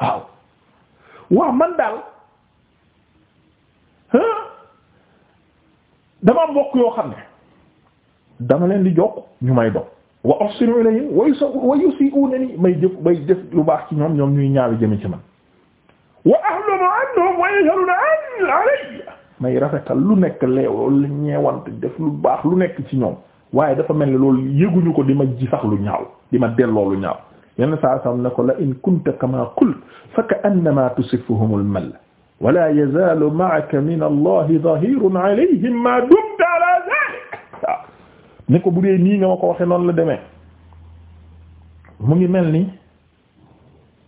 waaw waaw man daal dama mbokk yoo xam ne dama leen di jokk ñu may dox wa ahsinu ilayhim wa may jëf may jëf lu baax ci ñoom ñoom ñuy ñaawi jëme ci man wa ahlumu anhum wa yajhaluna an may rafetal lu nekk leew lu ñeewante def lu baax lu nekk ci ñoom waaye dafa mel ni loolu yëguñu ko di ma ji lu ñaaw di ma delloo lu ñaaw yenn saa sam ne ko la in kunta kama qult fa ka'annama tusifuhum al-mal wa la yazalu ma'aka ma dumta ala dhalik waaw ko bu dee nii nga ma ko waxee noonu la demee mu ngi mel ni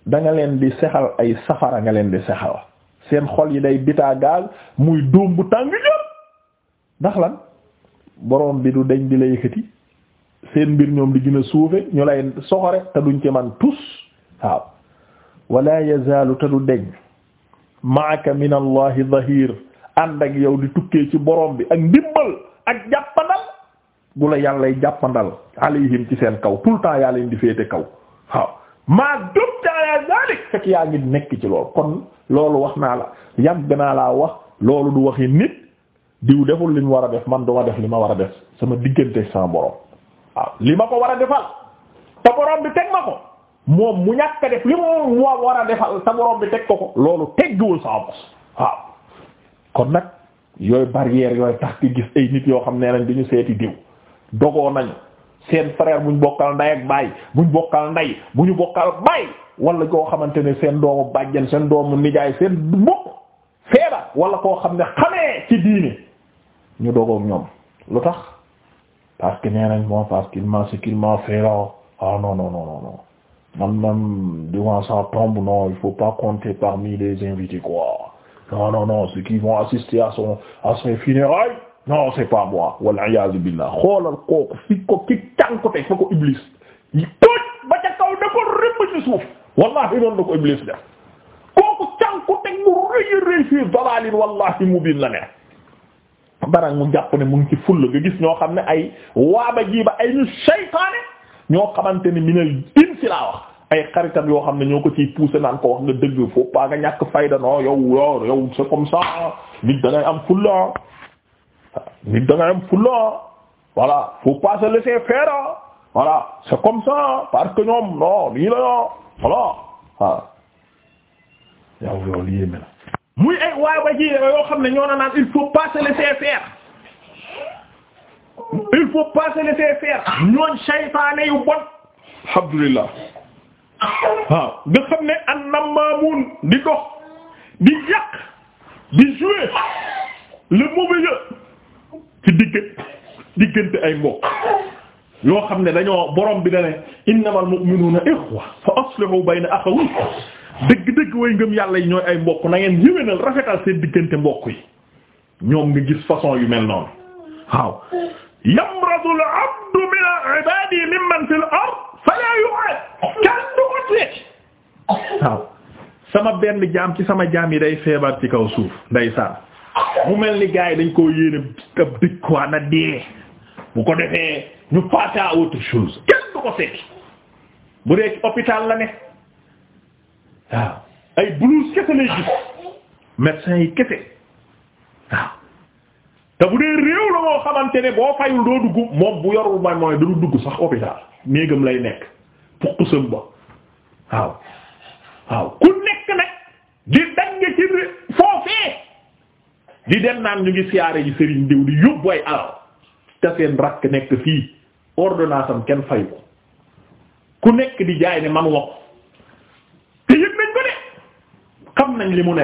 da nga leen di sexal ay safara nga leen di sexal seen xol yi day bitaa muy dóom bu tàng jot ndax lan borom bi du deñ di la yëkkati seen mbir ñoom di gën a suufe ñu lay soxore te duñ ci man tus waaw wala yazaalu te du deñ maaka min allahi dhahir ànd ak yow di tukkee ci borom bi ak ndimbal ak jàppandal bu la yàllay jàppandal alayhim ci seen kaw tout le temps yaa leen di féete kaw waaw maa dumta ala zalik fekk yaa ngi nekk ci lool kon loolu wax naa la yàgg naa laa wax loolu du waxi nit diw deful li mu war a def man duma def li ma war a def sama diggante sama borom waaw li ma ko war a defal te borom bi teg ma ko moom mu ñàkk a def li mu war a defal te bi teg ko ko loolu teggiwul sa bos waaw kon nag yooyu barrière yooyu tax ki gis ay nit yoo xam ne nañ dañu seeti diw dogoo nañu seen frère buñ bokkal nday ak baay buñ bokkal nday bu ñu bokkal baay wala koo xamante ne seen doomu bàjjen seen doomu nijaay seen mbokk feebar wala koo xam ne xamee ci diine ñu dogoog ñoom lu tax parce que nee nañ m'a ce qu'il m'a fait là ah non non non non non devant sa tombe non il faut pas compter parmi les invités quoi non non non qui vont assister à ses funérailles non c'est pas moi wal iyaazu billah xoolal kooku fi ko ki cànkote fa ko iblis ñu toj ba ca kaw da ko rëbb ci suuf wallahi noonu la ko iblis def kooku cànkute mu dalalin wallahi mubin la ne barag mu jàpp ne mu ngi ci fulla nga gis ñoo xam ne ay waaba jiiba ay ñu saytaane ñoo xamante ne minal din si laa wax ay xaritam yoo xam ne ñoo ko ci poussé naan ko wax nga dëgg faut pas nga ñàkk fayda non yow yow yow c'est da ngay am fulla nit da ngay am fulla voilà parce que ñoom non lii la yo voilà waaw lii yéeme na muy ay waay yoo xam ne ñoo na naan il faut pas se laisser faire il yu bon alhamdulillah waaw nga ne an nammamun di dox di yàq di jouer le mauvais ay mbokk yoo xam ne dañoo borom bi da ne innamal mu'minuna ikhwa aslihu bayna akhawaykum dëgg-dëgg way ngëm yàlla yi ñooy ay mbokk na ngeen rafetal seen diggante mbokk yi ñoom nga gis façon yu mel noonu waaw yamradu al abdu min ibadi mimman fil ard fala yu'ad kenn du ko teeti waaw sama benn jaam ci sama jaam yi day feebar ci kaw suuf ndeysaan mu mel ni gars yi dañ koo yéene ab dëkkwaa na dee bu ko defee ñu passe à autre kenn du ko seeti bu dee ci hôpital la ne waaw ay blouse kese lay gis médecin yi kese waaw te bu dee réew la moo xamante ne boo fayul doo dugg moom bu yorul may mooy du dugg sax hôpital néegam lay nekk puqsam ba waaw waaw ku nekk nag di dagg ci foofee di dem naan ñu ngi siyaare ji sëriñ diw di yóbbu ay alal te seen rakk nekk fii ordonnance kenn fayu ko ku nekk di jaay ne man wax xam nañ li mu ne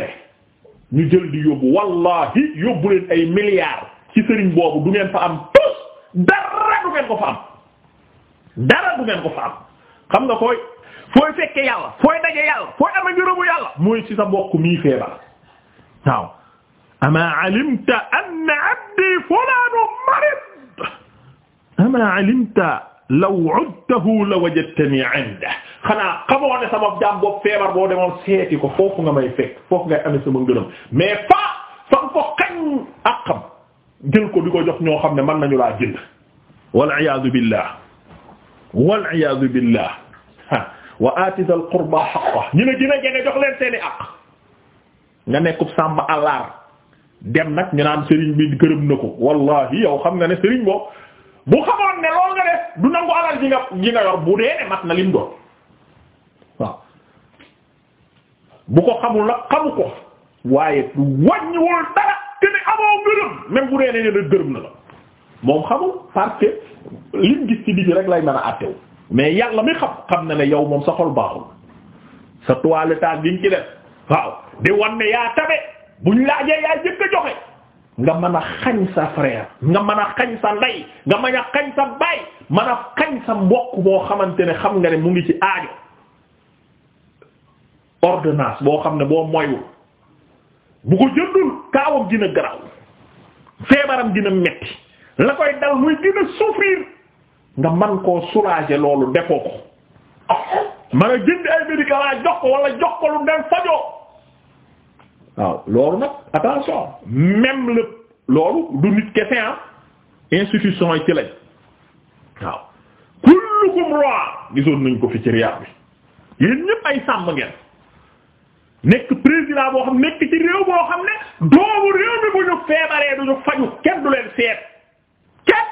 ñu jël di wallahi yóbbu leen ay milliards ci sëriñ boobu du ngeen fa am tos dara du ngeen ko fa am dara du nga fooy fooy fekke yàlla fooy daje yàlla fooy ama njërëmu yàlla ci sa mii feebar waaw ama alimta anna abdi fulanu marid ama alimta law udtahu la wajadtani inda xanaa xamoo ne sama jaam boobu feebar boo demoon seeti ko foofu nga may fekk foofu ngay amee sama ngërëm mais fa fa nga ko xañ àqam jël di ko jox ñoo xam ne mën nañu laa jënd wal iyaadu billah wal iyaadu billah wa aati dal qurba xaqqa ñu nga nekkub sàmm àllar dem nag ñu naan sëriñ bi gërëm na ko wallahi yow xam nga ne sëriñ boo bu xamoon ne loolu nga def du nangu alal ji nga yor bu dee mat na lim doon waaw bu ko xamul na xamu ko waaye du dara te ne amoo gërëm même bu dee ne ne gërëm na la moom xamul parce que lim gis ci bi rek lay mën a àttew mais yàlla mi xam xam na ne yow moom sa xol baaxul sa toilettage bi ci def waaw di wan ne yaa tabe buñ laajee yaa jëkk joxe. nga mën a xañ sa frère nga mën a xañ sa ndey nga mën a xañ sa baay mën a xañ sa mbokk boo xamante ne xam nga ne mu ngi ci aajo ordonnance boo xam ne boo moyul bu ko jëndul kaawam dina garaaw feebaram dina metti la koy dal muy dina souffrir nga man koo soulager loolu defoo ko mën a jënd ay médicaments jox ko wala jox ko lu dem fajoo waaw loolu nag attention même le loolu du nit kese ah institution yi ci lañ waaw kullukum roi gisoon nañ ko fi ci riyaat bi yéen ñëpp ay sàmm ngeen nekk président boo xam nekk ci réew boo xam ne doomu réew mi bu ñu feebaree du ñu faju kenn du leen seet kenn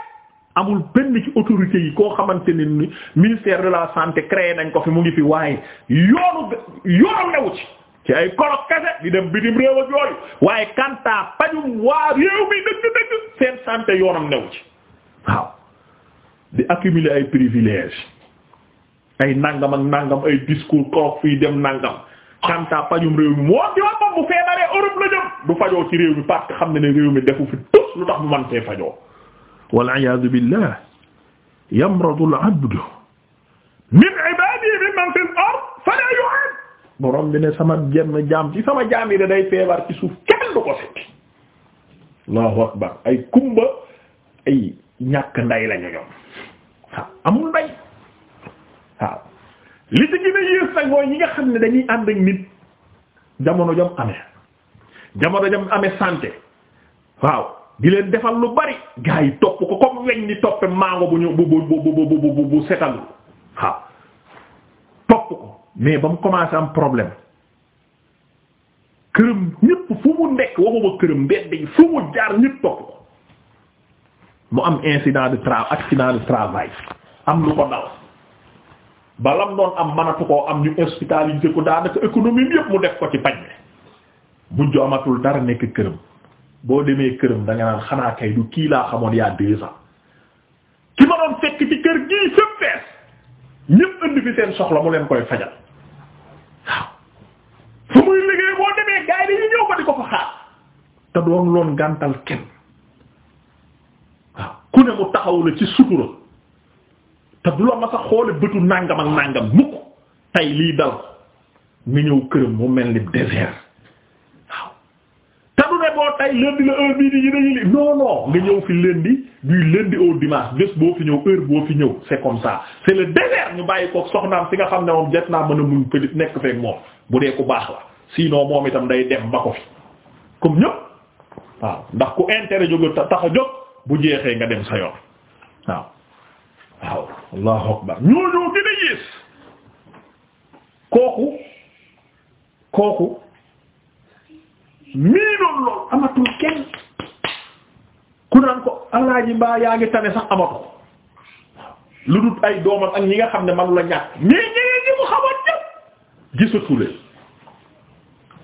amul benn ci autorité yi koo xamante ni ministère de la santé créé nañ ko fi mu ngi fi waaye yoonu yoonu newu ci ci ay korok kese di dem bitim réew ak yooyu waaye kanta pajum waa réew mi dëgg-dëgg seen santé yoonam new ci waaw di accumuler ay privilèges ay nangam nangam ay discours korok fii dem nangam kanta pajum réew mi moo di wax moom bu feebaree Europe la jëm du fajoo ci réew mi parce xam ne ne réew mi defu fi tus lu tax mu man fee fajoo wal iyaadu billah yamradu al abdu min boroom bi ne sama jenn jaam ci sama jaam yi da day feebar ci suuf kenn du ko setti allahu akbar ay kumba ay ñàkk nday lañu ñoom waaw amul nday waaw li ci gën a yées nag ñi nga xam ne dañuy ànd ak nit jamono jam amee jamono jam amee santé waaw di leen defal lu bari gaa yi topp ko comme weñ ni toppe mango bu ñu bu bu bu bu bu bu setal waaw mais ba mu commencé am problème këram ñëpp fu mu nekk waxuma këram mbedd yi fu mu jaar ñëpp topp ko mu am incident de tra accident de travail am lu ko dal balam doon am manatu koo am ñu hospitalisé ko daanaka économie yëpp mu def ko ci paj bu mujj amatul dara nekk këram boo demee këram da nga xanaa kay du kii laa xamoon y'a deux ans ki ma doon fekk ci kër gii sëpp fees ñëpp indi fi seen soxla mu leen koy fajal fu muy liggéey boo demee gaay yi dañuy ñëw ba di ko fa xaar te doon loon gàntal kenn waaw ku ne mu taxaw ci sutura te du la ma sa xoole bëtu nàngam ak nàngam mukk tey lii dal nga ñëw këram mu mel ni désert waaw te du ne boo tey lundi la heure bii di yi dañu li non non nga ñëw fi lundi du lundi au dimanche bés boo fi ñëw heure boo fi ñëw c'est comme ça c'est le désert ñu bàyyi ko soxnaam si nga xam ne moom jet naa mën a muñ peut nekk moom bu dee ku baax la sinon moom itam day dem ba ko fi comme ñëpp waaw ndax ku intérêt jóg tax a jóg bu jeexee nga dem sa yoon waaw waaw allahu akbar ko gën a gis kooku kooku mii noonu loolu amatul kenn ku naan ko alaaji mbaa yaa ngi tane sax amatul lu dul ay doomam ak ñi nga xam ne man la ñàkk mais ñeneen ñi mu xamoon ñëpp gisatu leen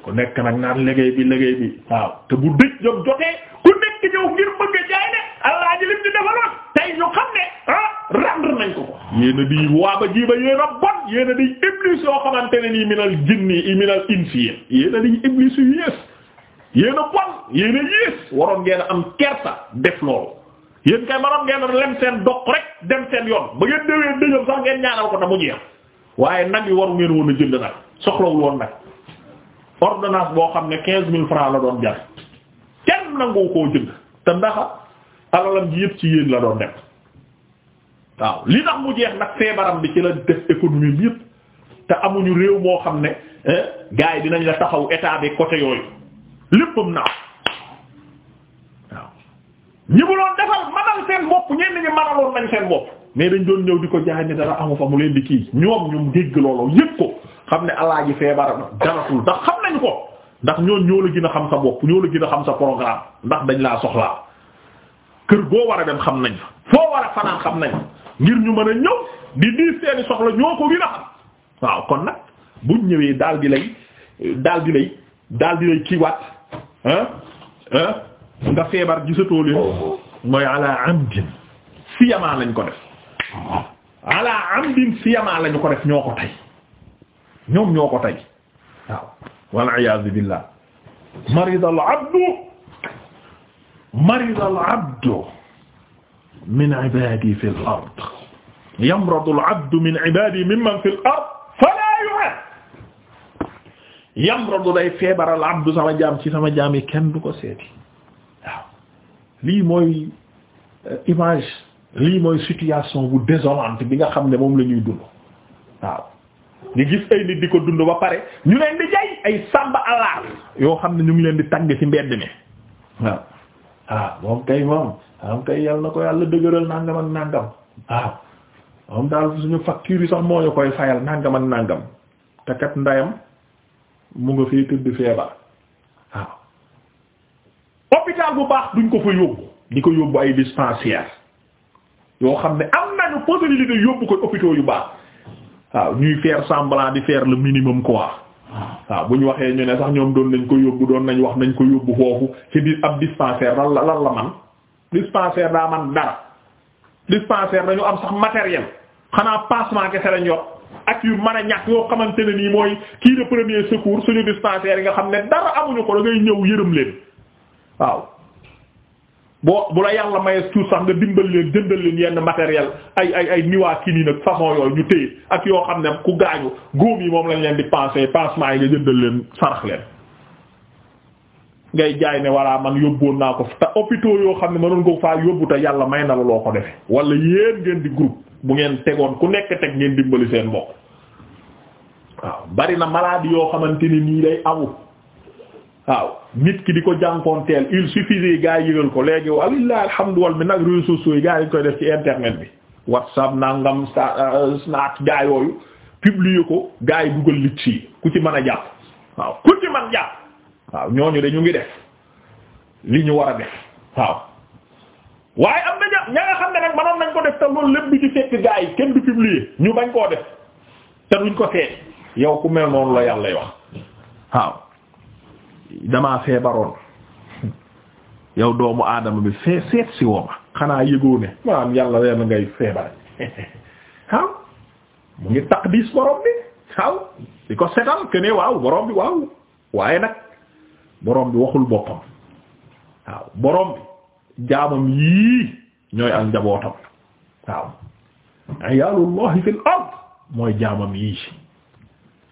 ku nekk nag naan liggéey bi liggéey bi waaw te bu dëj jot jotee ku nekk ñëw ngir bëgg a jaay ne allah ji lim ñu defaloon tey ñu xam ne ah nañ ko ko. yéen a di waaba jiiba yéen bon yéen di iblis yoo xamante ne nii minal jinni yi minal insi yéen yu yées yéen bon yéen yées waroon ngeen am kersa def loolu. yéen kay maroon ngeen lem seen doq rek dem seen yoon ba ngeen déwee dëjëm sax ngeen ñaanal ko ta mu jeex waaye nag yi waru ngeen woon a jënd nag soxlawul woon nag ordonnance boo xam ne quinze mille francs la doon jar kenn nangu koo jënd te ndax alalam ji yëpp ci yéen la doon dem waaw li tax mu jeex nag feebaram bi ci la def économie bi yëpp te amuñu réew moo xam ne gars yi dinañ la taxaw état bi côté yooyu léppam na waaw ñi mu defal manal seen bopp ñenn ñi manaloon nañ seen bopp. mais dañ doon ñëw di ko jaay ne dara amu fa mu leen di kii ñoom ñu dégg looloo yëpp ko xam ne alaaji feebar daratul ndax xam nañu ko ndax ñoon ñoo la gën a xam sa bopp ñoo la gën a xam sa programme ndax dañ laa soxlaa kër boo war a dem xam nañ foo war a fanaan xam nañ ngir ñu mën a ñëw di diis seeni soxla ñoo ko gën a xam waaw kon nag buñ ñëwee dal di lay daal di lay daal di lay kiiwaat nga feebar gisatoo leen oh. mooy ala amdin siyamaa nañ ko def ala amdin siyama la ñu ko def ñoo ko tey ñoom ñoo ko tey waaw wal iyaazu billah marid al abdu marid al abdu min ibadi fi l ard yamradu al abdu min ibadi mimman fi l ard fala yu'ad yamradu day feebar al abdu sama jaam ci sama jaam yi kenn du ko seeti waaw lii mooy euh, image lii mooy situation bu désolante bi nga xam ne moom la ñuy dund waaw ñu gis ay nit di ko dund ba pare ñu leen di jay ay sàmba alaar yoo xam ne ñu ngi leen di tagg ci mbedd mi waaw waaw ah, moom kay moom moom kay yàlla na ko yàlla dëgëral nàngam ak nàngam waaw moom daal suñu facture sax moo ñu koy fayal nàngam ak nàngam te kat ndayam mu nga fee tëdd feebar waaw hôpital bu baax duñ ko fa yóbbu di ko yóbbu ay dispensaire yoo xam ne am nañu possibilité yóbbu ko hôpitaux yu baax waaw ñuy faire semblant di faire le minimum quoi waaw bu ñu waxee ñu ne sax ñoom doon nañ ko yóbbu doon nañ wax nañ ko yóbbu foofu ci di ab dispensaire lan la lan la man dispensaire daa man dara dispensaire dañu am sax matériel xanaa passement kese lañ yor ak yu man a ñàkk yoo xamante ne nii mooy kii de premier secours suñu dispensaire yi nga xam ne dara amuñu ko da ngay ñëw yërëm leen waaw. boo bu la yàlla mayee tuut sax nga dimbali leen jëndal leen yenn matériel ay ay ay niwaa kii nii nag façon yooyu ñu téye ak yoo xam ne ku gaañu góom yi moom lañ leen di panser pansement yi nga jëndal leen sarax leen ngay jaay ne walla man yóbboon naa ko te hôpitaux yoo xam ne mënoon ko faa yóbbu te yàlla may na la loo ko defee wala yéen ngeen di groupe bu ngeen tegoon ku nekk teg ngeen dimbali seen mbokk waaw bari na maladie yoo xamante ni nii day awu waaw nit ki di ko jànkoonteel il suffisait gars yi ko léegi walilah alhamdu wal mi nag réseaux sociaux yi gars yi dañ koy internet bi whatsapp nangam euh, snap gars yooyu publier ko gars yi si ku ci mën a jàpp waaw ku ci mën jàpp waaw ñooñu de ñu ngi def li ñu war a def waaw waaye am na ña ña nga xam ne nag mënoon nañ ko def te lépp bi ci fekk gars kenn du publier ñu bañ koo def te ko seet yow ku mel noonu la yàlla lay wax waaw damaa feebaroon yow doomu aadama bi fee seet si woo ma xanaa yëgoo ne maanaam yàlla leen ngay feebar mu ngi taqdis borom bi waaw ko setal que waaw borom bi waaw waaye nag borom bi waxul boppam waaw borom bi jaamam yii ñooy ak njabootam waaw ayaalullahi fil ard mooy jaamam yii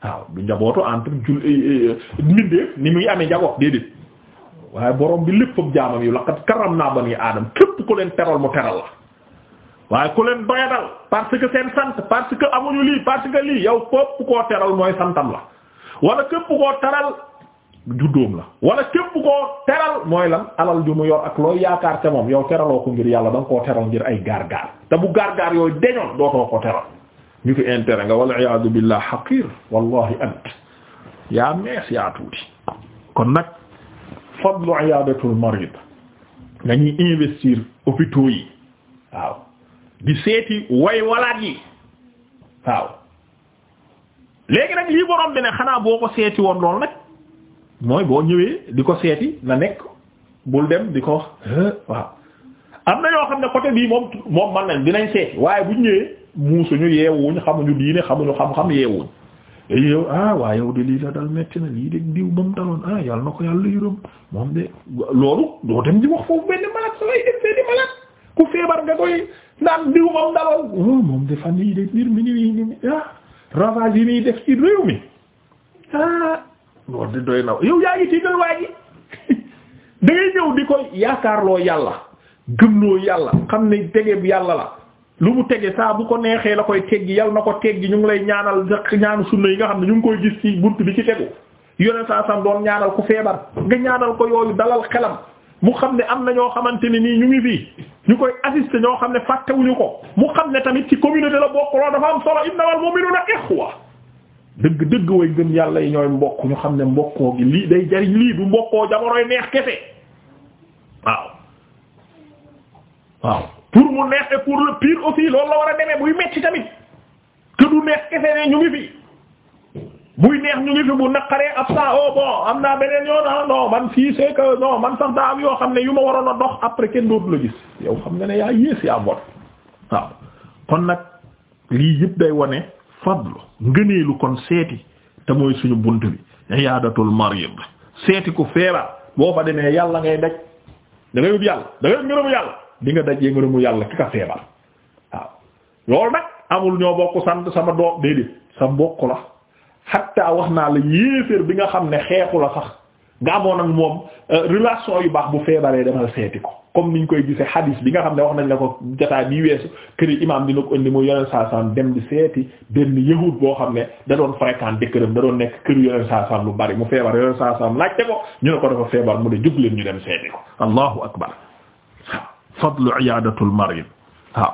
waaw du njabootu entre jul eh, eh, eh, ni muy amee njaboot déedéet waaye borom bi lépp léppam jaamam yi laqad karramnaa banii aadama képp ku leen teral mu teral la waaye ku leen doyadal parce que seen sant parce que amuñu lii parce que lii yow képp koo teral mooy santam la wala képp koo teral juddóom la wala képp koo teral mooy lan alal ju mu yor ak looy yaakaar te moom yow teraloo ko ngir yàlla da koo teral ngir ay gaar gaar te bu gaar gaar yooyu ñu ko intérêt nga wal iyaadu billah xaqir wallahi ant yaa mees yaa tuuti kon nag fadlu iyaadatul marid nañuy investir hôpitaux yi waaw di seeti way walaat yi waaw léegi nag lii borom bi ne xanaa boo ko seeti woon lool nag mooy boo ñëwee di ko seeti na nekk bul dem di ko waaw am na ñoo xam ne côté bii moom man nañ dinañ seeti waaye bu ñëwee muusuñu yeewuñ xamuñu diine xamuñu xam-xam yeewuñ yow ah waa yow lii la dal metti na lii de diw ba mu daloon ah yàlla na ko yàlla yërëm moom de loolu feebar nga koy naan diw ba oh, fan yii de mbir mi nii ah ravage yi nii def ci réew mi ah loolu de doy na yow yaa ngi ci gën waa ñëw di koy yaakaarloo yàlla gëmloo yàlla xam ne tegeeb yàlla la lu mu tege saa bu ko neexee la koy teggi yal na ko teggi ñu ngi lay ñaanal ñaanu sunna yi nga xam ne ñu ngi koy gis ci bunt bi ci tegu yoneen a sam doon ñaanal ku feebar nga ñaanal ko yooyu dalal xelam mu xam ne am na ñoo xamante ne nii ñu ngi fii ñu koy assister ñoo xam ne fàttewuñu ko mu xam ne tamit ci communauté la bokk loolu dafa am solo innamal mu'minuna ikhwa dëgg dëgg way gëm yàlla yi ñooy mbokk ñu xam ne mbokkoo gi lii day jariñ lii du mbokkoo neex kese pour mu neex et pour le pire aussi loolu la war a demee buy metti tamit te neex kese ne ñu ngi fi buy neex ñu ngi fi bu naqaree ab saa oh bon am naa beneen yoon ah non man fii c'est que man sax daa am yoo xam ne yu ma waroon a dox après kenn dootu la gis yow xam nga ne yaa yées yaa bon waaw kon nag lii yëpp day wane fadlu ngëneelu kon seeti te mooy suñu bunt bi iyaadatul marid seeti ku feebar boo fa demee yàlla ngay daj da ngay yàlla da yàlla. di nga daj dajee mu yàlla ki a feebar waaw loolu nag amul ñoo bokk sant sama doom déedéet sa mbokk la xatta wax naa la yéeféer bi nga xam ne xeexu la sax nga amoon ak moom euh, relation yu baax bu feebaree demal seeti ko comme ñu koy gisee hadis bi nga xam ne wax nañ la ko jotaay bi weesu këri imam dina ko indi mu yoneen saa saam dem di seeti benn yahud boo xam ne da doon fréquenté këram da doon nekk këru yoneen saa saam lu bari mu feebar yoneen saa saam laajte ko ñu ne mu de jóg leen ñu dem seeti ko allahu akbar fadlu iyadatul marid waaw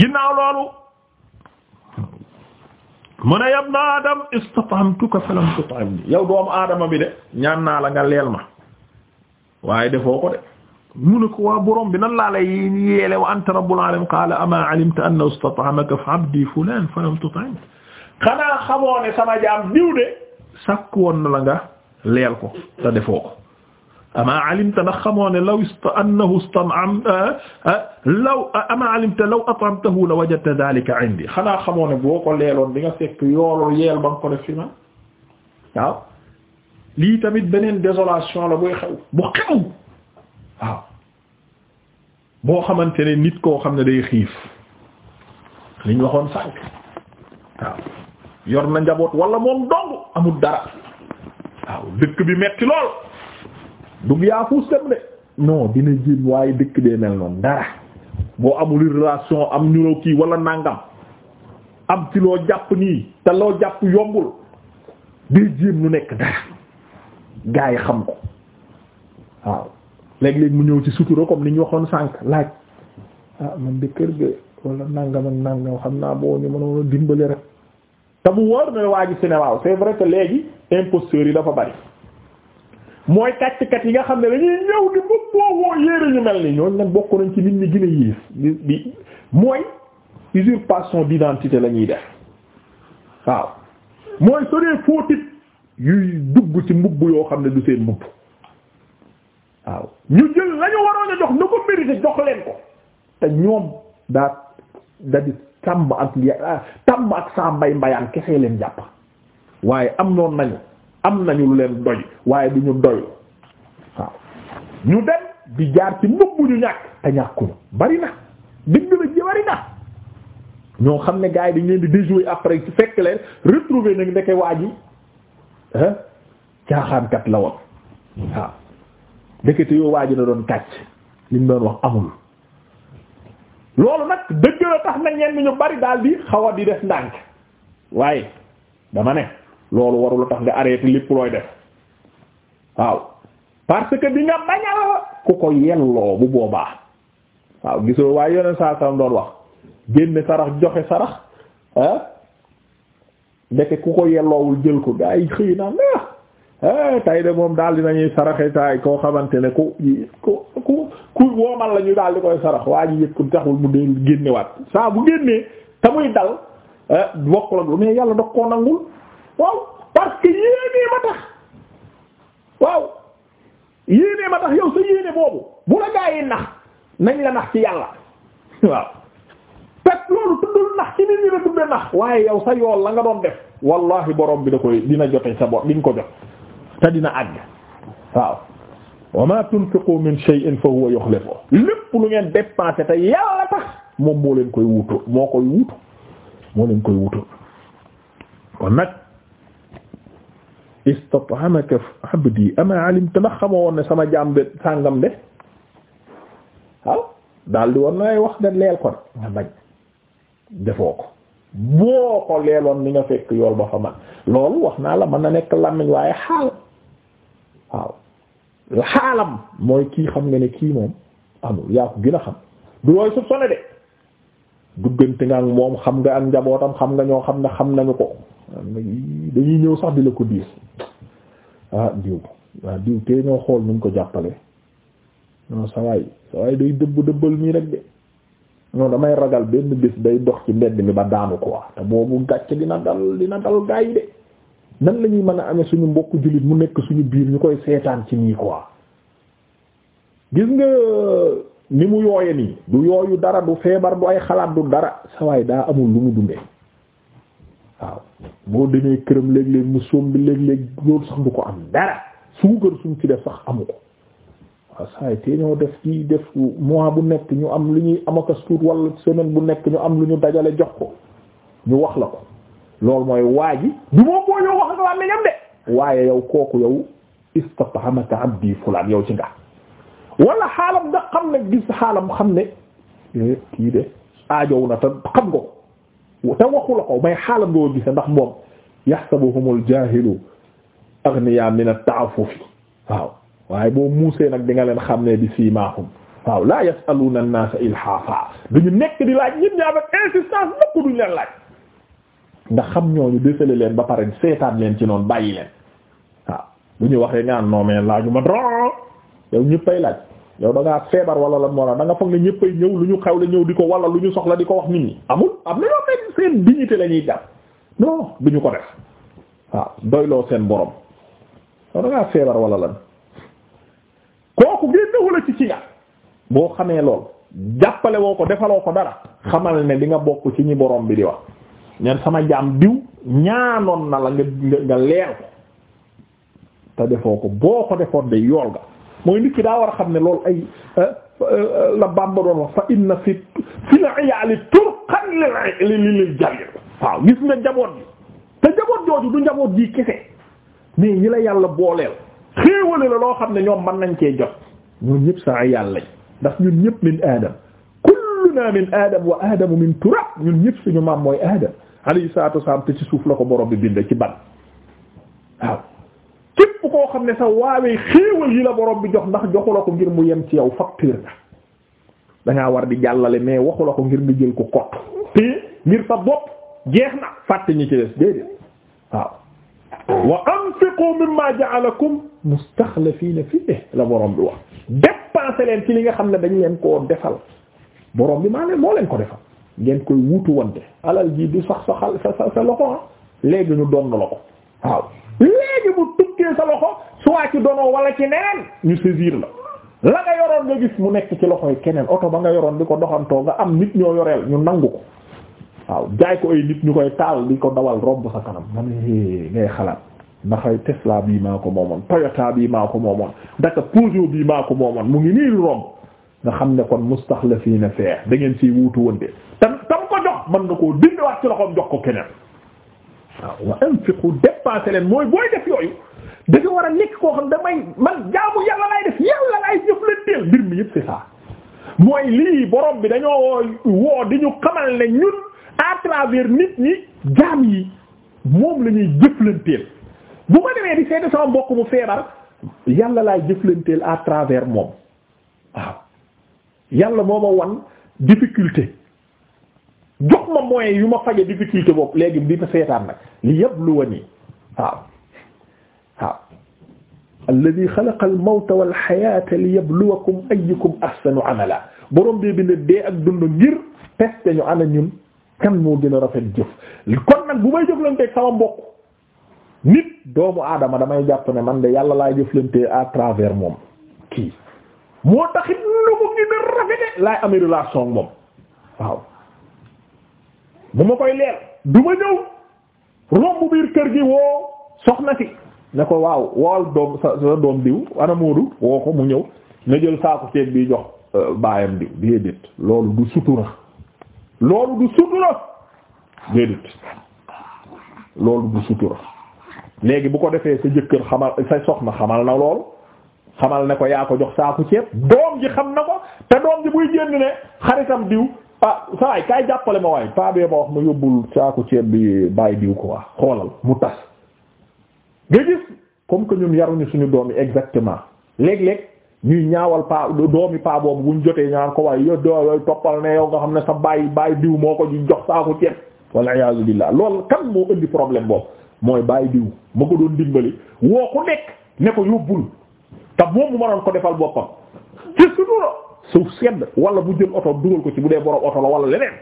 ginnaaw loolu mu ne yabna adam istat'amtuka falam tut'imni yow doomu aadama bi de ñaan naa la nga leel ma waaye defoo ko de mu ne ko waa borom bi nan laa lay yeele wa anta rabbul alamin qala ama alimta anna istat'amaka abdi fulan falam tut'imni xanaa xamoo ne sama jaam diw de sakk woon na la nga leel ko te defoo ko amaa alimta ndax xamoo ne law annahu istam'am ah, ah, law amaa alimta law at'amtahu la wajadta dhalika indi xanaa xamoo ne boo ko leeloon di nga fekk yoolu yeel ba nga ko def fi ma waaw lii tamit beneen désolation la buy xew bu xew waaw boo xamante ne nit koo xam ne day xiif li ñu waxoon sànq waaw yor na njaboot wala moom dong amul dara waaw dëkk bi metti lool. du yaa fuus dem de non dina jéem waaye dëkk dee mel noonu dara boo amul relation am ñu kii wala nangam am ci loo jàpp nii te loo jàpp yombul day jéem lu nekk dara gaa yi xam ko waaw léeg-léeg mu ñëw ci sutura comme ni ñu waxoon sànq laaj ah man di kër gi wala nangam ak nangam xam naa boo ñu mënoon a dimbali rek te mu wóor na waa ji Sénégal c'est vrai que léegi imposteurs yi dafa bari mooy kàcc-kat yi nga xam ne dañuy ñëw di bëggoo woo yéere ñu mel ni ñooñu nag bokk nañ ci nit ñi gën a yées di mooy usurpation d'identité la ñuy def waaw mooy sodee faux titre yuy dugg ci mbubb yoo xam ne du seen mbubb waaw ñu jël lañu waroon a jox na ko mérité jox leen ko te ñoom daa da di tàmb ak ah tàmb ak saa mbay mbayaan kese leen jàpp waaye am noon nañu am nañu leen doy waaye du ñu doy waaw ñu dem di jaar ci mbubbu ñu ñàkk te ñàkkuñu bari na digg la ji bari na ñoo xam ne gars yi dañ leen di déjouer après ci fekk leen retrouver nag ndeke waa caaxaankat la woon waaw ndekete yoo waa ji na doon kàcc li doon wax amul loolu nag dëgg la tax na ñenn ñu bari daal di xaw a di def ndànk waaye dama ne loolu warul tax nga arrêté lépp looy def waaw parce que di nga ku ko yelloo bu boobaa waaw gisoo waaye yoneen saa sallam doon wax génne sarax joxe sarax ah ndeke ku ko yelloowul jël ko gaa yi xëy na ah eh, tay de moom daal di nañuy saraxe tay koo xamante ne ku ku ku ku woomal la ñu daal di koy sarax waa ji yëpp taxul mu dee génnewaat saa bu génnee te muy dal eh, bokkul ak mais yàlla da koo nangul waaw parce que yéenee ma tax waaw yéene ma tax yow sa yéene boobu bu la gaa nax nañ la nax ci yàlla waaw pet loolu tuddul nax ci nit ñi la tudde nax waaye yow sa yool la nga doon def wallahi borom bi da koy dina jote sa bo diñ ko jot te dina àgg waaw wa ma tunfiqu min shay'in fa huwa yukhlifu lépp lu ngeen dépensé te yàlla tax moom moo leen koy wutu moo koy wutu moo leen koy wutu kon nag istat'amaka abdi ama alimta ndax xamoo woon ne sama jaam de sàngam de waaw daal woon na lay wax nga leel ko nga bañ defoo ko boo ko leeloon ni nga fekk yool ba fa man loolu wax naa la mën na nekk làmmiñ waaye xaal waaw xaalam mooy kii xam nga ne kii moom amul yaa ko gën a xam du looy soupçonné de duggante nga ak moom xam nga ak njabootam xam nga ñoo xam ne xam nañu ko dañuy ñëw sax di la ko diis ah diw te ñoo xool nuñ ko jàppale non sawaay sawaay day dëbb dëbbal mii rek de non damay ragal benn bés day dox ci mbedd mi ba daanu quoi te boobu gàcc dina dal dina dal gaa de nan la ñuy mën a amee suñu mbokku jullit mu nekk suñu biir ñu koy seetaan ci nii quoi gis nga ni mu yooye nii du yooyu dara du feebar du ay xalaat du dara sawaay daa amul lu mu dundee waaw boo demee këram léeg-léeg mu sombi léeg-léeg loolu sax du ko am dara suukar suñ ci def sax amu ko waaw saay te ñoo def ci def mois bu nekk ñu am lu ñuy amakas tuut wala semaine bu nekk ñu am lu ñu dajale jox ko ñu wax la ko loolu mooy waa ji du moo koo ñëw wax ak laa meñam de waaye yow kooku yow istathamaka abdi fulaan yow ci nga wala xaalam da xam ne gis xaalam xam ne eh, kii de aajow na te xam nga ko te waxu la ko may xaalam ngoo gise ndax moom yaxsabuhumul jaahilu aghniya min at-ta'affufi waaw waaye boo muusee nag di nga leen xam ne bi siimaahum waaw laa yasaluna an-naasa ilhaafa duñu nekk di laaj ñit ñaa ba insistance xam ñooñu défale leen ba pare seetaan leen ci noonu bàyyi leen waaw bu ñu waxee nga am noomee laaju ma dara yow ñëppay laaj yow da feebar wala lan moo la da nga foog ne ñëppay ñëw lu ñu xaw la ñëw di ko wala lu ñu soxla di ko wax nit ñi amul am na yoo xam seen dignité la ñuy jàpp non du ñu ko def waaw doyloo seen borom yow da feebar wala lan kooku génn la ci ci nga boo xamee lool jàppale woo ko defaloo ko dara xamal ne di nga bokk ci ñi borom bi di wax ñen sama jaam diw ñaanoon na la nga nga leer ko te defoo ko boo ko defoon de yool ga mooy nit ki daa war a xam ne loolu ay euh, euh, la Bamba doon wax fa inna fi fil iyaali turqan lil lil jarir waaw gis nga njaboot bi te njaboot jooju du njaboot ji kese mais ñi la yàlla booleel xéewale la loo xam ne ñoom mën nañ cee jot ñoom ñëpp sa yàlla ndax ñun ñëpp min aadam kulluna min aadam wa aadamu min turab ñun ñëpp suñu maam mooy aadam alayhi salaatu wasalaam te ci suuf la ko borom bi bind ci ban waaw képp koo xam ne sa waawee xéewal yi la borom bi jox ndax joxu la ko ngir mu yem ci yow facture nga dangaa war di jàllale mais waxu la ko ngir nga jël ko kott te ngir sa bopp jeex na fàtte ñi ci des déedéet waaw wa anfiqu mimma ja'alakum mustaxlafiina fiihi la borom bi wax dépenser nga xam ne dañ leen koo defal borom bi maa moo leen ko defal ngeen koy wutu wante alal ji du sax sa xal sa ah. léegi ñu la ko waaw duggee sa loxo soit ci dono wala ci neneen ñu saisir la la nga yoroon nga gis mu nekk ci loxoy keneen oto ba nga yoroon di ko doxantoo nga am nit ñoo yoreel ñu nangu ko waaw jaay ko ay nit ñu koy taal di ko dawal romb sa kanam man eh ngay xalaat ndaxay Tesla bii maa ko moomoon Toyota bii maa ko moomoon daka Peugeot bii maa moomoon mu ngi nii romb nga xam ne kon mustaxlafiina fee da ngeen ciy wuutu wonde tam tam ko jox mën nga koo dindiwaat ko keneen waaw wa da war a nekk koo xam damay man jaamu yàlla lay def yàlla lay jëflanteel mbir mi yëpp c'est mooy lii borom bi dañoo woo di ñu xamal ne ñun à nit ñi jaam yi moom lañuy ñuy jëflanteel bu ma demee di seeti sama mbokk mu feebar yàlla laay jëflanteel à travers moom waaw yàlla moo ma wan difficulté jox ma moyens yu ma faje difficulté boobu léegi di ma seetaan nag li yëpp lu wane waaw. waaw alladi xalaqa al mawta wal xayaata li yabluwakum ayyukum ahsanu amala borom bee bind dee ak dund ngir teste ñu ana ñun kan moo gën a rafet jëf kon nag bu may jëflanteeg sama mbokk nit doomu aadama damay jàpp ne man de yàlla laa jëflante à travers moom kii moo taxit lu mu gën a rafete laay amee relation moom waaw bu ma koy leer du ma ñëw romb biir kër gi woo soxna si ne ko waaw wool doom sa sa doom diw ana Moodu woo ko mu ñëw na jël saako ceeb bi jox euh, baayam diw déedéet loolu du sutura loolu du sutura déedéet loolu du sutura léegi bu ko defee sa jëkkër xamal sa soxna xamal na loolu xamal ne ko yaa ko jox saako ceeb doom ji xam na ko te doom ji buy génn ne xaritam diw ah saa waay kaay jàppale ma waay paa bee ma wax ma yóbbul saako ceeb bi bàyyi diw ko waa xoolal mu tas nga gis comme que ñun yaruñu suñu doom yi exactement léeg-léeg ñuy ñaawal paa doomi paa boobu buñ jotee ñaan ko waaye yow doo toppal ne yow nga xam ne sa baay baay diw moo ko ji jox saako ceeb walla iyaazu billaah loolu kan moo indi problème boobu mooy baay diw ma ko doon dimbali woo ko nekk ne ko yóbbul te moom mu mënoon ko defal boppam ci sutura suuf sedd wala bu jël oto dugal ko ci bu dee borom oto la wala leneen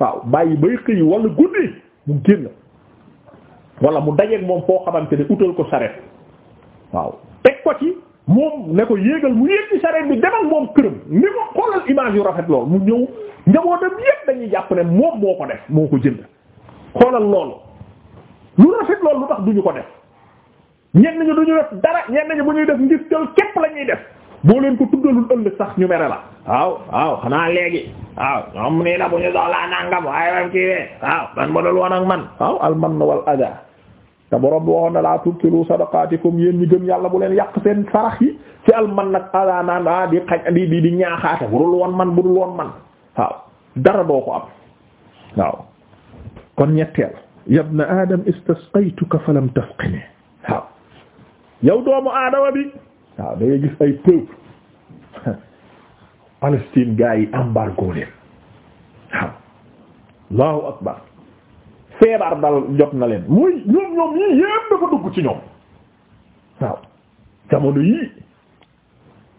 waaw bàyyi bay xëy wala guddi mu génn. wala mu dajeeg moom foo xamante ne utal ko saret waaw teg ko ci moom ne ko yéegal mu yéeg saret bi demal moom këram ni ko xoolal image yu rafet lool mu ñëw njabootam yépp dañuy jàpp ne moom moo ko def moo ko jënd xoolal loolu lu rafet loolu lu tax duñu ko def ñenn ñu duñu def dara ñenn ñu bu ñuy def ngir jël képp la def boo leen ko tuddalul ëllëg sax ñu mere la waaw waaw xanaa léegi waaw ñoom nii la bu ñu soxlaa nangam waaye wam man ma dal te borom bi laa tubtilu sadaqaatikum yéen ñi gëm yàlla bu leen yàq seen sarax yi ci al man nag ala di xaj di di di bu dul woon man bu dul woon man waaw dara doo ko am waaw. kon ñetteel yabna adam istasqaytuka falam tafqini waaw yow doomu aadama bi waaw da gis ay peuple Palestine gaa yi embargo leen waaw allahu akbar feebar dal jot na leen muy ñoom ñoom yii yépp dafa dugg ci ñoom waaw jamono yii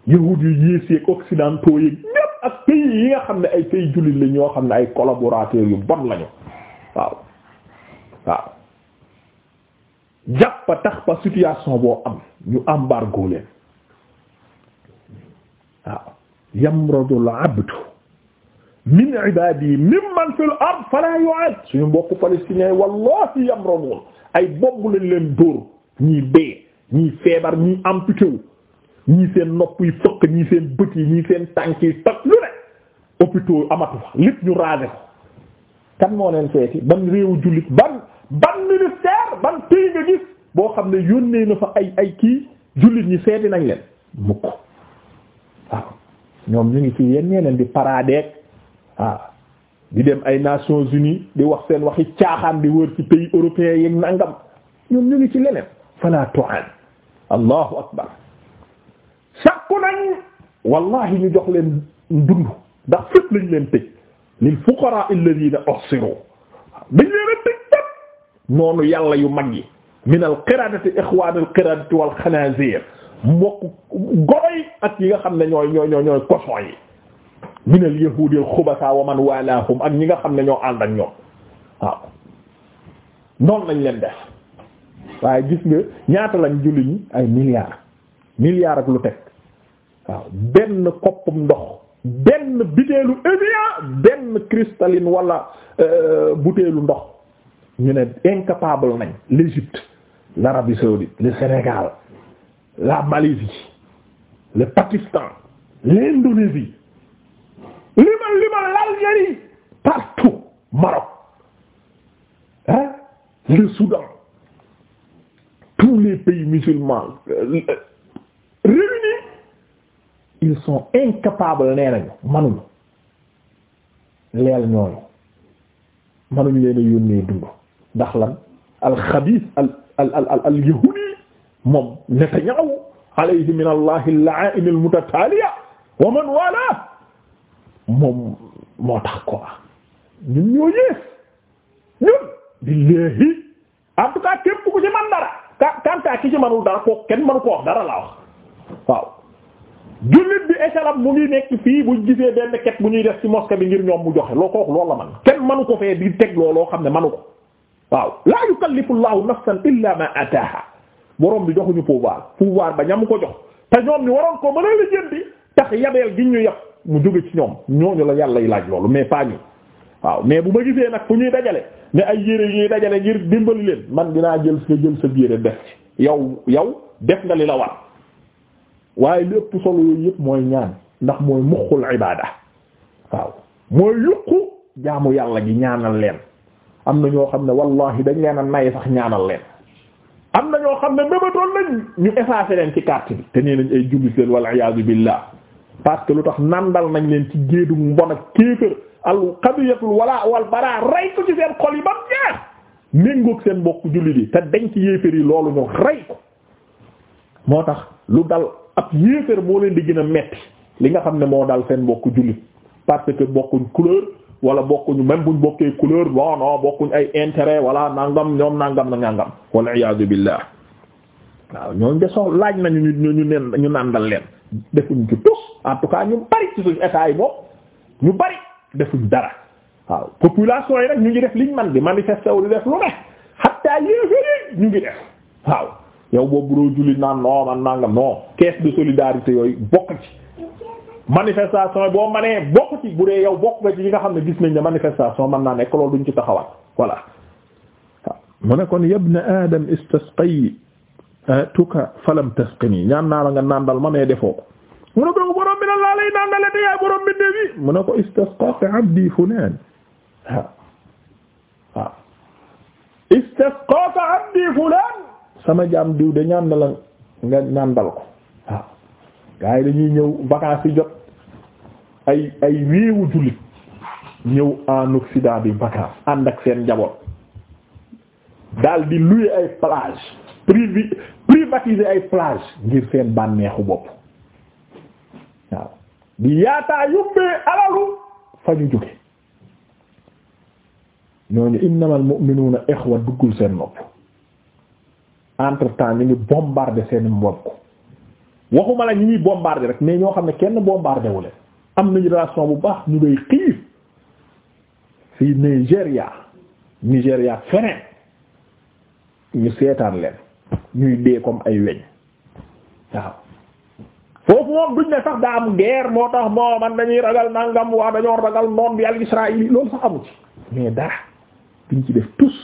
yahud yu yéeseeg occidentaux yeeg ak pays yi nga xam ne ay pays jullit la ñoo xam ne ay collaborateurs yu bon lañu waaw waaw jàppa tax ba situation boo am ñu embargo leen waaw yamradul abdu min ibadi mimman fil ard fala yu'ad suñu mbokk palestiniens wallahi yamronwul ay bopp lañ leen dóor ñii dee ñii feebar ñii amputé wu ñii seen nopp yi fëq ñii seen bët yi ñii seen tànk yi toj lu ne hôpitaux amatu fa ñu raade ko kan moo leen seeti ban réewu jullit ban ban ministère ban pays nga gis boo xam ne yónnee na fa ay ay kii jullit ñi seeti nañ leen mukk waaw ñoom ñu ngi fi yenn ñeneen di paraadeek waaw ah. di dem ay Nations Unies di wax seen waxi caaxaan di wër ci pays européens yeeg nangam ñoom ñu ngi ci leneen fala tu'an allahu akbar sàkku nañ wallahi ñu jox leen dund ndax fépp lañ leen tëj lil fuqara alladhina uhsiru dañ noonu yàlla yu mag yi min al qiradati ikhwan al qiradati wal khanazir mbokk goroy ak yi nga xam ne ñooy ñooy ñooy ñooy cochon yi minal yahuudil xubasa wa man waalahum ak ñi nga xam ne ñoo ànd ak ñoom waaw noonu lañ leen def waaye gis nga ñaata lañ julli ñi ay milliards milliards ak lu teg waaw benn koppum ndox benn butéelu Evian benn cristalline wala euh, butéelu ndox ñu ne incapable nañ l'Égypte l'Arabie saoudite le Sénégal la Malaisie le Pakistan l'Indonésie limal limal l'Algérie partout Maroc hein le Soudan tous les pays musulmans euh, réunis ils sont incapables nee nañu manuñu leel ñooñu manuñu leen yónnee dund ndax lan alxabiis al al al al yahudi moom Netanyahu alayhi min allahi al-la'in al-mutataliya wa man wala moom moo tax quoi ñun ñoo yées ñun billahi en tout cas képp ku ci man dara ka kantaa ki ci manul dara koo kenn manu ko wax dara laa wax waaw jullit bi échalam mu ngi nekk fii buñ gisee benn ket bu ñuy def ci mosquée bi ngir ñoom mu joxe loo ko wax loolu la man kenn manu ko fee di teg looloo xam ne manu ko waaw la yukallifu llahu nafsan illa ma ataaha borom bi joxuñu pouvoir pouvoir ba ñam ko jox te ñoom ni waroon ko mën a lijjanti tax yabeel gi mu jóge ci ñoom ñooñu la yàlla yi laaj loolu mais pas waaw mais bu ma gisee nag ku ñuy dajale ne ay yére ñuy dajale ngir dimbali leen man dinaa jël sa jël sa yére def ci yow yow def nga li la war waaye li solo yooyu yëpp mooy ñaan ndax mooy muxul ibada waaw mooy yuqu jaamu yàlla gi ñaanal leen am na ñoo xam ne wallahi dañ leen a nay sax ñaanal leen am na ñoo xam ne mébatoon nañ ñu effacé leen ci carte bi te nee nañ ay jullit leen wal iyaazu parce que lu tax nandal nañ leen ci géedu mbon ak kéefër al qadiyatul wala wal bara rey ko ci seen xol yi ba mu jeex méngoog seen mbokk jullit yi te dañ ci yi loolu ñu rey ko moo tax lu dal ab yéeféer moo leen di gën a metti li nga xam ne moo dal seen mbokk jullit parce que bokkuñ couleur wala bokkuñu même buñ bokkee couleur bon non bokkuñ ay intérêt wala nangam ñoom nàngam na nangam wal iyaadu billah waaw ñooñ de sox laaj nañu ñu ñu leen defuñ ci en tout cas ñu bari ñu bari defuñ dara waaw population yi nag ñu ngi def liñ man di manifester wu di def lu ne hatta yéeféri ñu ngi def waaw yow boobu doo julli naan non man nangam non caisse de solidarité yooyu bokk ci manifestation boo manee bokk ci bu dee yow bokk nga ci yi nga xam ne gis nañ ne manifestation man naa nekk loolu duñ ci taxawaat voilà mu ne kon yabna adam istasqaytuka falam tasqini ñaan naa la nga naan dal ma mee defoo ko mu ne ko borom bi na laa lay naanale te yaay borom bi ndéefi mu ne ko istasqaaka abdi fulaan waaw waaw sama jaam diw de ñaan na la nga ñaandal ko waaw gaa dañuy ñëw vacances yi jot ay ay réewu jullit ñëw en Occident bi vacances ànd ak seen njaboot daal di louer ay plage privi ay plage ngir seen bànneexu bopp waaw bi yaataa yubbee alalu fa ñu jóge ñooñu innamal mu'minuuna ixwa duggul seen nopp entre temps ñu ngi bombardé seen mbokk waxuma la ñu ngi bombardé rek mais ñoo xam ne kenn bombardé wu leen am nañu relation bu baax ñu ngay xiif fii Nigeria Nigeria feneen ñu seetaan leen ñuy dee comme ay weñ waaw foofu moom duñ ne sax daa am guerre moo tax moo man dañuy ragal nangam waa dañoo ragal noon bi al Israël loolu sax amu ci mais dara duñ def tus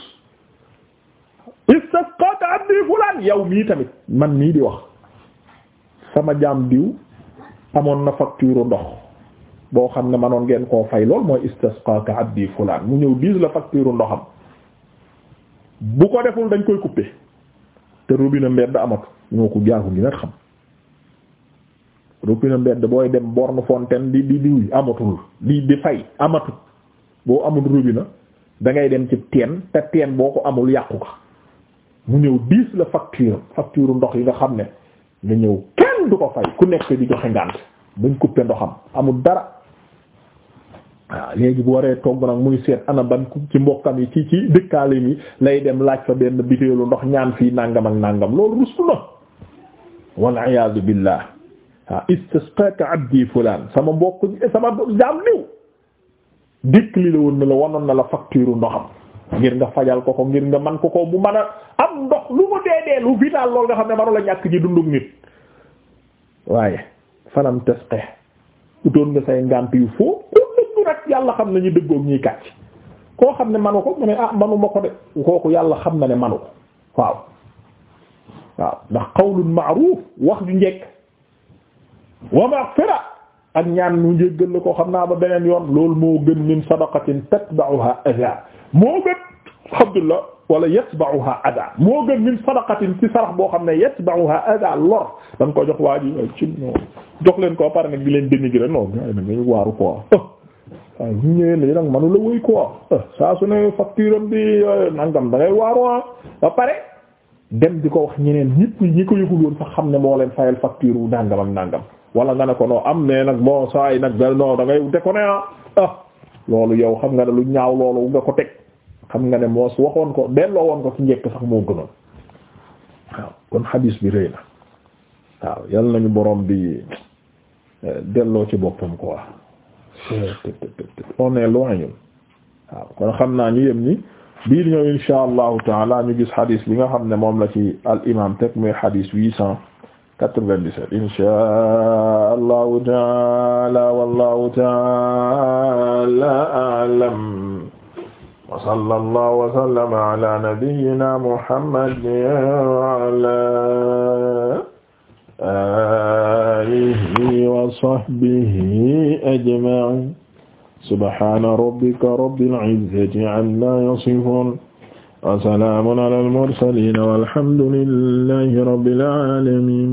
istasqata abdi fulaan yow mii tamit man mii di wax sama jaam diw amoon na facture ndox boo xam ne manoon ngeen koo fay lool mooy istasqaka abdi fulaan mu ñëw diis la facture ndoxam bu ko deful dañ koy couper te robinet mbedd amatu ñoo ko jaaku gi xam rupina mbedd booy dem borne fontaine di di diw amatul di di fay amatul boo amul robinet da ngay dem ci teen te teen boo ko amul yàqu ko mu ñëw diis la facture facture ndox yi nga xam ne nga ñëw kenn du ko fay ku nekk di joxe ngànt bañ couper ndoxam amul dara waaw léegi bu waree togg nag muy seet ana ban ci mbokkam yi ci ci dëkkaalim yi lay dem laaj fa benn bitéelu ndox ñaan fii nàngam ak nàngam loolu rustu na wal iyaadu billah waaw ah, istisqaaka abdi fulaan sama mbokk eh, sama jaam niw dikk li la woon na la wanoon na la facture ndoxam ngir nga fajal ko ko ngir nga man ko ko bu mën a am ndox lu mu dee dee lu vital lool nga xam ne manu la ñàkk ci dunduk nit waaye fanam tasqe utoon nga say ngànt yu foo ku dëgg rek yàlla xam na ñu dëggook ñuy kàcc koo xam ne manu ko mu ne ah manu ko de kooku yàlla xam na ne manu ko waaw waaw ndax qawlun ma'ruf wax ju njekk wa maghfira ak ñaan mu gën la ko xam naa ba beneen yoon loolu moo gën min sadaqatin tatba'uha adha moo gën alhamdulillah wala yatba'uha adha moo gën min sadaqatin ci sarax boo xam ne yatba'uha adha lor da ko jox waa ji ci jox leen ko pare nag di leen dénigrer noo gars nag dañu waaru quoi waaw ah, ñu ñëwee lii nag manu la woy quoi ah, saa su ne facture am bi euh, nangam da ngay ah. ba pare dem di ko wax ñeneen ñëpp ñi ko yëgul woon fa xam ne moo leen fayal facture wu nàngam ak nàngam wala nga ne ko noo am ne nag moo saay nag da non da ngay de ko ne ah, ah loolu yow xam nga ne lu ñaaw loolu nga ko teg xam nga ne moos waxoon ko delloo woon ko ci njëkk moo gënoon kon xadiis bi rëy na waaw nañu borom bi eh, delloo ci boppam quoi on kon xam naa ñu yem ni biir ñëw insha allahu taala ñu gis bi nga xam ne moom la ci al imam teg muy xadiis huit cent 97 inshaa Allahu ta'aala wallahu ta'aala a'lam wa sallallahu wa sallama ala nabiyyina Muhammadin wa ala aalihi wa sahbihi ajma'iin subhaana rabbika rabbil izzati amma yasifuun wa salaamun ala al-mursaliin walhamdu lillahi rabbil aalamiin